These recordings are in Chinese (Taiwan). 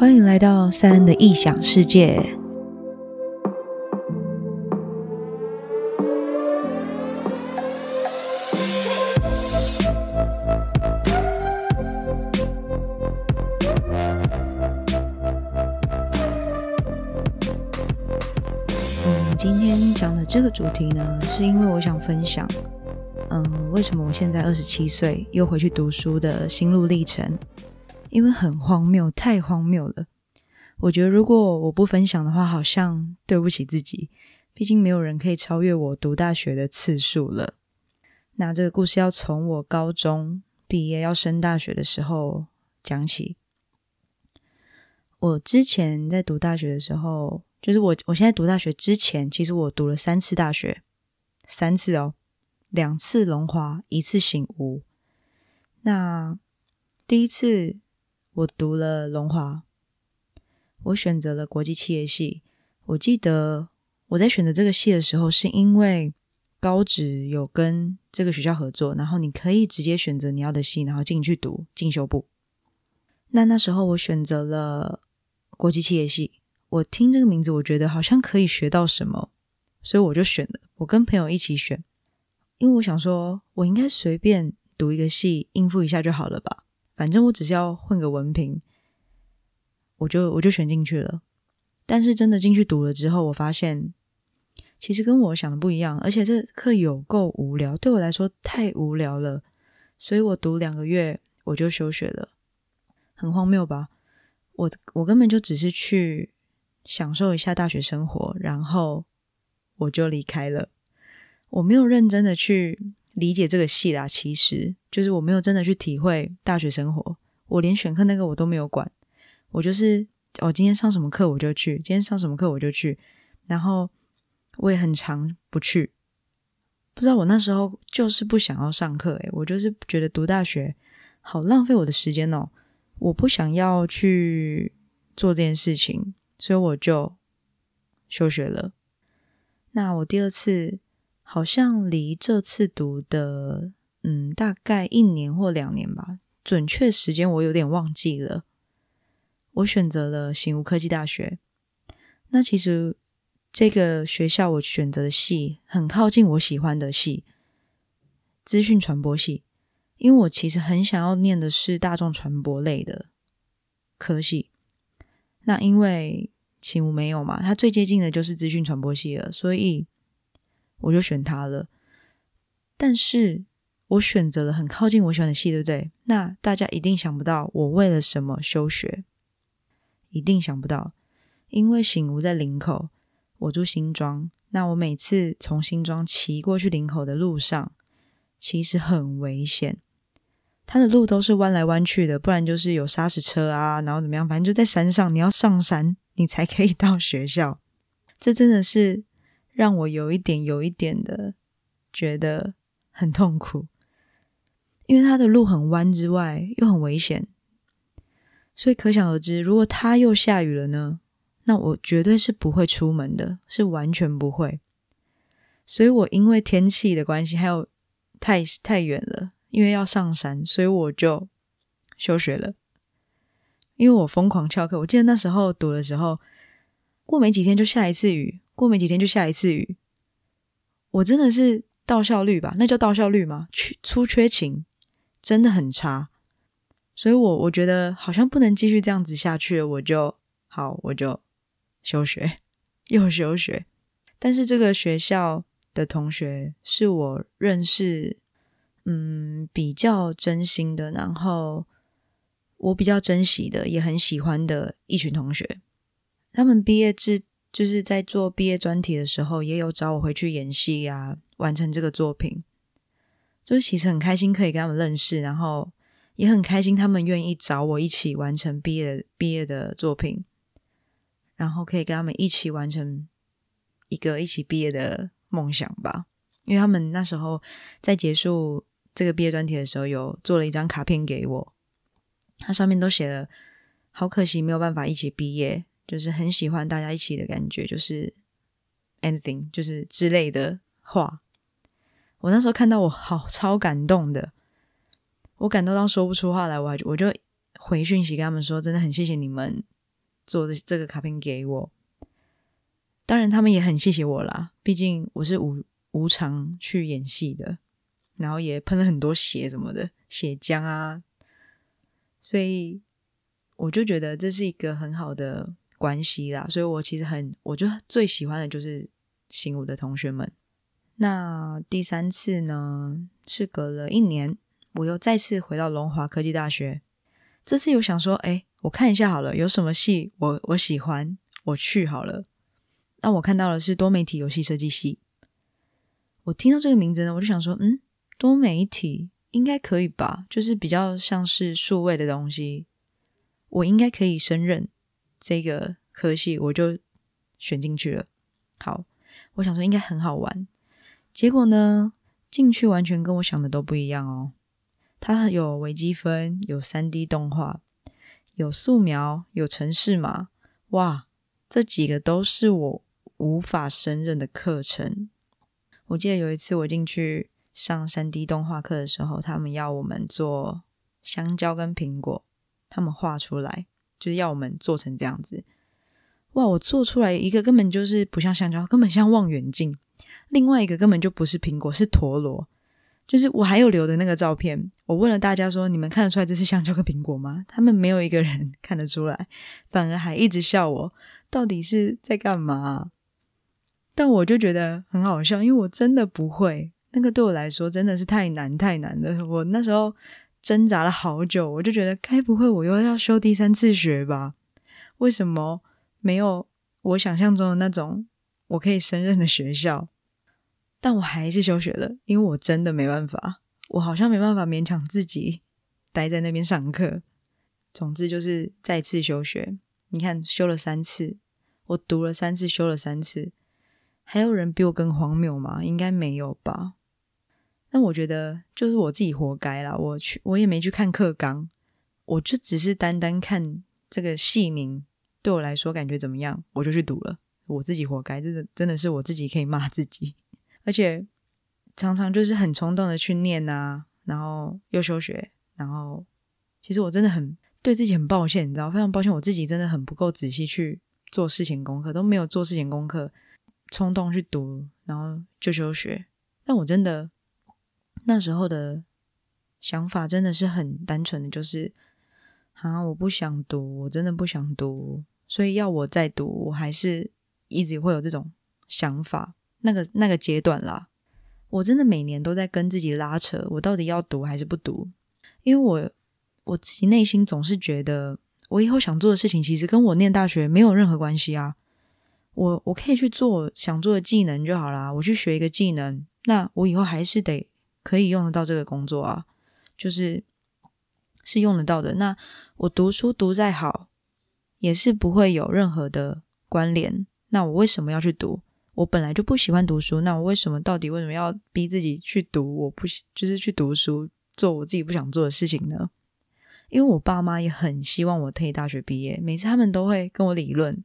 歡迎來到賽恩的異想世界。嗯，今天講的這個主題呢，是因為我想分享，嗯、呃，為什麼我現在二十七歲又回去讀書的心路歷程。因為很荒謬，太荒謬了。我覺得如果我不分享的話，好像對不起自己。畢竟沒有人可以超越我讀大學的次數了。那這個故事要從我高中畢業要升大學的時候講起。我之前在讀大學的時候，就是我我現在讀大學之前，其實我讀了三次大學，三次哦，兩次龍華，一次醒吾。那第一次。我讀了龍華，我選擇了國際企業系。我記得我在選擇這個系的時候，是因為高職有跟這個學校合作，然後你可以直接選擇你要的系，然後進去讀進修部。那那時候我選擇了國際企業系，我聽這個名字，我覺得好像可以學到什麼，所以我就選了。我跟朋友一起選，因為我想說，我應該隨便讀一個系應付一下就好了吧。反正我只是要混個文憑，我就我就選進去了。但是真的進去讀了之後，我發現其實跟我想的不一樣，而且這課有夠無聊，對我來說太無聊了。所以我讀兩個月我就休學了，很荒謬吧？我我根本就只是去享受一下大學生活，然後我就離開了。我沒有認真的去。理解這個戲啦，其實就是我沒有真的去體會大學生活，我連選課那個我都沒有管，我就是哦，今天上什麼課我就去，今天上什麼課我就去，然後我也很常不去，不知道我那時候就是不想要上課，誒，我就是覺得讀大學好浪費我的時間哦，我不想要去做這件事情，所以我就休學了。那我第二次。好像離這次讀的，嗯，大概一年或兩年吧，準確時間我有點忘記了。我選擇了醒吾科技大學，那其實這個學校我選擇的系很靠近我喜歡的系——資訊傳播系，因為我其實很想要念的是大眾傳播類的科系。那因為醒吾沒有嘛，它最接近的就是資訊傳播系了，所以。我就選他了，但是我選擇了很靠近我喜歡的系，對不對？那大家一定想不到我為了什麼休學，一定想不到，因為醒吾在林口，我住新莊，那我每次從新莊騎過去林口的路上，其實很危險，它的路都是彎來彎去的，不然就是有砂石車啊，然後怎麼樣，反正就在山上，你要上山你才可以到學校，這真的是。讓我有一點有一點的覺得很痛苦，因為他的路很彎之外又很危險，所以可想而知，如果他又下雨了呢，那我絕對是不會出門的，是完全不會。所以我因為天氣的關係，還有太太遠了，因為要上山，所以我就休學了。因為我瘋狂翹課，我記得那時候讀的時候。過沒幾天就下一次雨，過沒幾天就下一次雨。我真的是到校率吧？那叫到校率嗎？缺出缺勤真的很差，所以我我覺得好像不能繼續這樣子下去了，我就好，我就休學，又休學。但是這個學校的同學是我認識，嗯，比較真心的，然後我比較珍惜的，也很喜歡的一群同學。他們畢業制就是在做畢業專題的時候，也有找我回去演戲呀、啊，完成這個作品。就是其實很開心可以跟他們認識，然後也很開心他們願意找我一起完成畢業畢業的作品，然後可以跟他們一起完成一個一起畢業的夢想吧。因為他們那時候在結束這個畢業專題的時候，有做了一張卡片給我，它上面都寫了“好可惜，沒有辦法一起畢業”。就是很喜歡大家一起的感覺，就是 anything 就是之類的話。我那時候看到我好超感動的，我感動到說不出話來。我還就我就回訊息跟他們說，真的很謝謝你們做這這個卡片給我。當然他們也很謝謝我啦，畢竟我是無無償去演戲的，然後也噴了很多血什麼的血漿啊，所以我就覺得這是一個很好的。關係啦，所以我其實很，我就最喜歡的就是新舞的同學們。那第三次呢，是隔了一年，我又再次回到龍華科技大學。這次又想說，誒，我看一下好了，有什麼系我我喜歡，我去好了。那我看到的是多媒體遊戲設計系。我聽到這個名字呢，我就想說，嗯，多媒體應該可以吧，就是比較像是數位的東西，我應該可以勝任。這個科系我就選進去了。好，我想說應該很好玩，結果呢，進去完全跟我想的都不一樣哦。它有微積分，有三 D 動畫，有素描，有程式嘛？哇，這幾個都是我無法勝任的課程。我記得有一次我進去上三 D 動畫課的時候，他們要我們做香蕉跟蘋果，他們畫出來。就是要我們做成這樣子，哇！我做出來一個根本就是不像香蕉，根本像望遠鏡；另外一個根本就不是蘋果，是陀螺。就是我還有留的那個照片，我問了大家說：你們看得出來這是香蕉跟蘋果嗎？他們沒有一個人看得出來，反而還一直笑我，到底是在幹嘛？但我就覺得很好笑，因為我真的不會，那個對我來說真的是太難太難了。我那時候。掙扎了好久，我就覺得該不會我又要休第三次學吧？為什麼沒有我想象中的那種我可以勝任的學校？但我還是休學了，因為我真的沒辦法，我好像沒辦法勉強自己待在那邊上課。總之就是再次休學。你看，休了三次，我讀了三次，休了三次，還有人比我更荒謬嗎？應該沒有吧。但我覺得就是我自己活該啦，我去，我也沒去看課綱，我就只是單單看這個系名，對我來說感覺怎麼樣，我就去讀了。我自己活該，真的真的是我自己可以罵自己。而且常常就是很衝動的去念啊，然後又休學。然後其實我真的很對自己很抱歉，你知道，非常抱歉，我自己真的很不夠仔細去做事前功課，都沒有做事前功課，衝動去讀，然後就休學。但我真的。那時候的想法真的是很單純的，就是啊，我不想讀，我真的不想讀。所以要我再讀，我還是一直會有這種想法。那個那個階段啦，我真的每年都在跟自己拉扯，我到底要讀還是不讀？因為我我自己內心總是覺得，我以後想做的事情其實跟我念大學沒有任何關係啊。我我可以去做想做的技能就好啦，我去學一個技能，那我以後還是得。可以用得到這個工作啊，就是是用得到的。那我讀書讀再好，也是不會有任何的關聯。那我為什麼要去讀？我本來就不喜歡讀書，那我為什麼到底為什麼要逼自己去讀？我不喜就是去讀書，做我自己不想做的事情呢？因為我爸媽也很希望我可以大學畢業，每次他們都會跟我理論，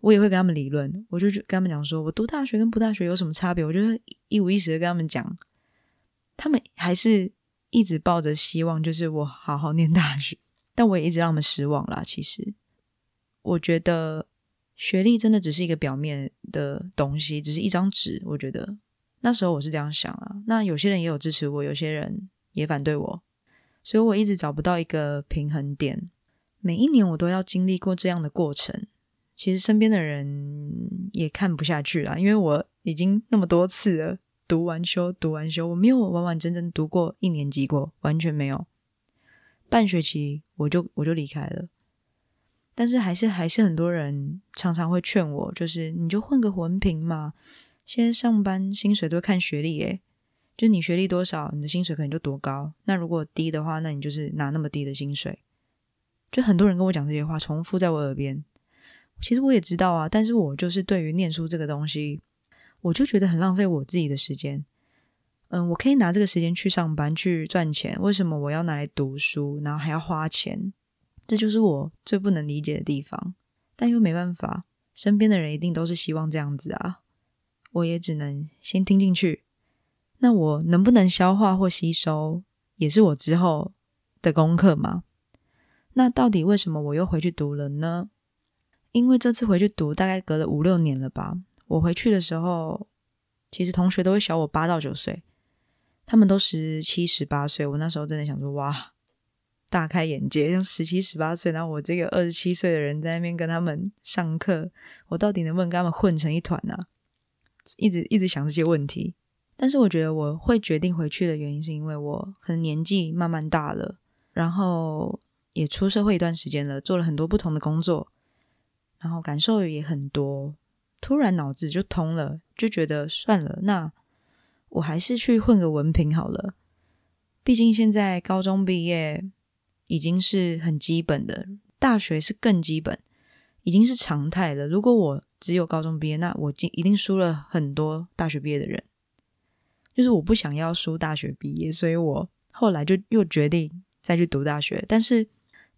我也會跟他們理論。我就跟他們講說，我讀大學跟不大學有什麼差別？我就會一,一五一十的跟他們講。他們還是一直抱着希望，就是我好好念大學，但我也一直讓他們失望啦。其實，我覺得學歷真的只是一個表面的東西，只是一張紙。我覺得那時候我是這樣想啊。那有些人也有支持我，有些人也反對我，所以我一直找不到一個平衡點。每一年我都要經歷過這樣的過程。其實身邊的人也看不下去啦，因為我已經那麼多次了。讀完修，讀完修，我沒有完完整整讀過一年級過，完全沒有。半學期我就我就離開了。但是還是還是很多人常常會勸我，就是你就混個文憑嘛，現在上班薪水都看學歷，誒，就你學歷多少，你的薪水可能就多高。那如果低的話，那你就是拿那麼低的薪水。就很多人跟我講這些話，重複在我耳邊。其實我也知道啊，但是我就是對於念書這個東西。我就覺得很浪費我自己的時間，嗯，我可以拿這個時間去上班去賺錢，為什麼我要拿來讀書，然後還要花錢？這就是我最不能理解的地方，但又沒辦法，身邊的人一定都是希望這樣子啊，我也只能先聽進去。那我能不能消化或吸收，也是我之後的功課嘛。那到底為什麼我又回去讀了呢？因為這次回去讀，大概隔了五六年了吧。我回去的時候，其實同學都會小我八到九歲，他們都十七、十八歲，我那時候真的想說哇，大開眼界，像十七、十八歲，然後我這個二十七歲的人在那邊跟他們上課，我到底能不能跟他們混成一團呢、啊？一直一直想這些問題。但是我覺得我會決定回去的原因，是因為我可能年紀慢慢大了，然後也出社會一段時間了，做了很多不同的工作，然後感受也很多。突然腦子就通了，就覺得算了，那我還是去混個文憑好了。畢竟現在高中畢業已經是很基本的，大學是更基本，已經是常態了。如果我只有高中畢業，那我一定輸了很多大學畢業的人。就是我不想要輸大學畢業，所以我後來就又決定再去讀大學。但是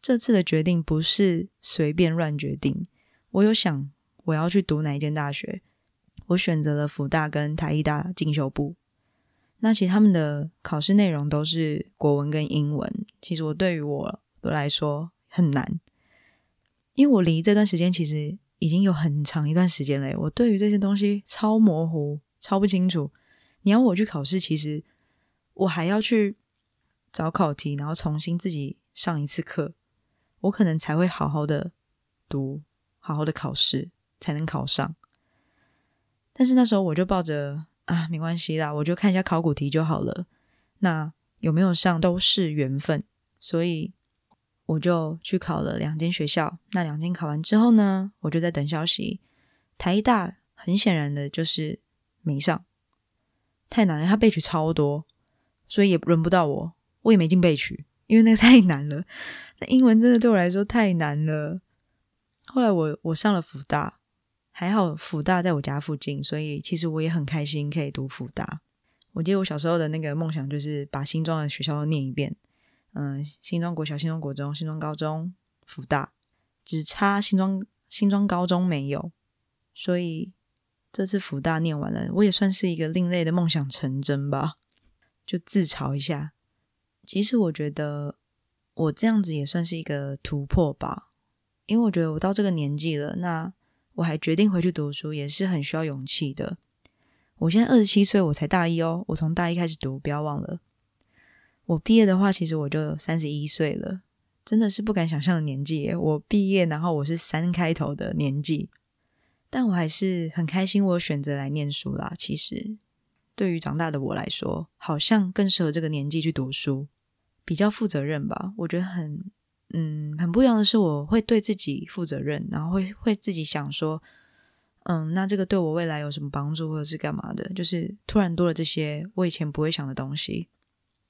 這次的決定不是隨便亂決定，我有想。我要去讀哪一間大學？我選擇了福大跟台藝大進修部。那其實他們的考試內容都是國文跟英文。其實我對於我來說很難，因為我離這段時間其實已經有很長一段時間了。我對於這些東西超模糊、超不清楚。你要我去考試，其實我還要去找考題，然後重新自己上一次課，我可能才會好好的讀，好好的考試。才能考上，但是那時候我就抱着啊，沒關係啦，我就看一下考古題就好了。那有沒有上都是緣分，所以我就去考了兩間學校。那兩間考完之後呢，我就在等消息。台大很顯然的就是沒上，太難了，他備取超多，所以也輪不到我，我也沒進備取，因為那個太難了，那英文真的對我來說太難了。後來我我上了輔大。還好輔大在我家附近，所以其實我也很開心可以讀輔大。我記得我小時候的那個夢想就是把新莊的學校都念一遍，嗯，新莊國小、新莊國中、新莊高中、輔大，只差新莊新莊高中沒有。所以這次輔大念完了，我也算是一個另類的夢想成真吧。就自嘲一下，其實我覺得我這樣子也算是一個突破吧，因為我覺得我到這個年紀了，那。我還決定回去讀書，也是很需要勇氣的。我現在二十七歲，我才大一哦。我從大一開始讀，不要忘了。我畢業的話，其實我就三十一歲了，真的是不敢想象的年紀耶。我畢業，然後我是三開頭的年紀，但我還是很開心，我有選擇來念書啦。其實對於長大的我來說，好像更適合這個年紀去讀書，比較負責任吧。我覺得很。嗯，很不一樣的是，我會對自己負責任，然後會會自己想說，嗯，那這個對我未來有什麼幫助，或者是幹嘛的？就是突然多了這些我以前不會想的東西。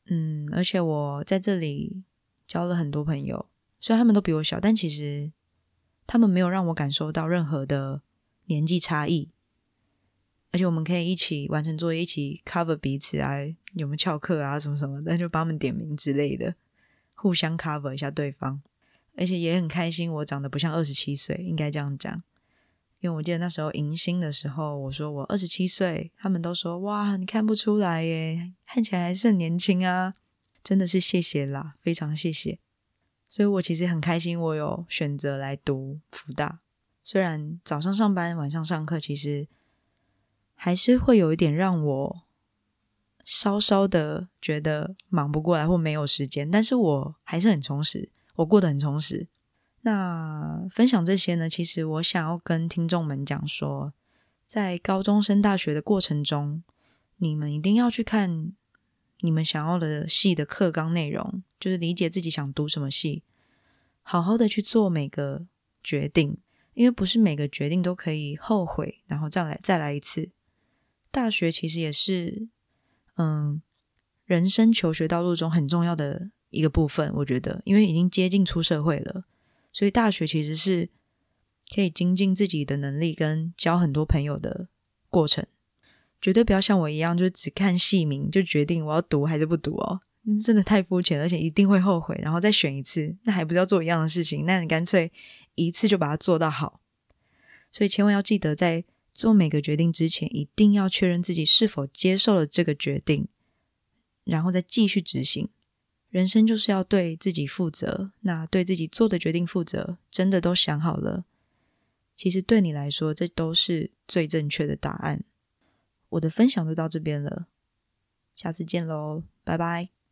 嗯，而且我在這裡交了很多朋友，雖然他們都比我小，但其實他們沒有讓我感受到任何的年紀差異。而且我們可以一起完成作業，一起 cover 彼此啊，有沒有翹課啊，什麼什麼的，就幫他們點名之類的。互相 cover 一下對方，而且也很開心，我長得不像二十七歲，應該這樣講，因為我記得那時候迎新的時候，我說我二十七歲，他們都說哇，你看不出來耶，看起來還是很年輕啊，真的是謝謝啦，非常謝謝，所以我其實很開心，我有選擇來讀福大，雖然早上上班，晚上上課，其實還是會有一點讓我，稍稍的覺得忙不過來或沒有時間，但是我還是很充實，我過得很充實。那分享這些呢？其實我想要跟聽眾們講說，在高中升大學的過程中，你們一定要去看你們想要的系的課綱內容，就是理解自己想讀什麼系，好好的去做每個決定，因為不是每個決定都可以後悔，然後再來再來一次。大學其實也是。嗯，人生求學道路中很重要的一個部分，我覺得，因為已經接近出社會了，所以大學其實是可以精進自己的能力跟交很多朋友的過程。絕對不要像我一樣，就只看系名就決定我要讀還是不讀哦，真的太膚淺了，而且一定會後悔，然後再選一次，那還不是要做一樣的事情？那你乾脆一次就把它做到好，所以千萬要記得在。做每個決定之前，一定要確認自己是否接受了這個決定，然後再繼續執行。人生就是要對自己負責，那對自己做的決定負責，真的都想好了。其實對你來說，這都是最正確的答案。我的分享就到這邊了，下次見嘍，拜拜。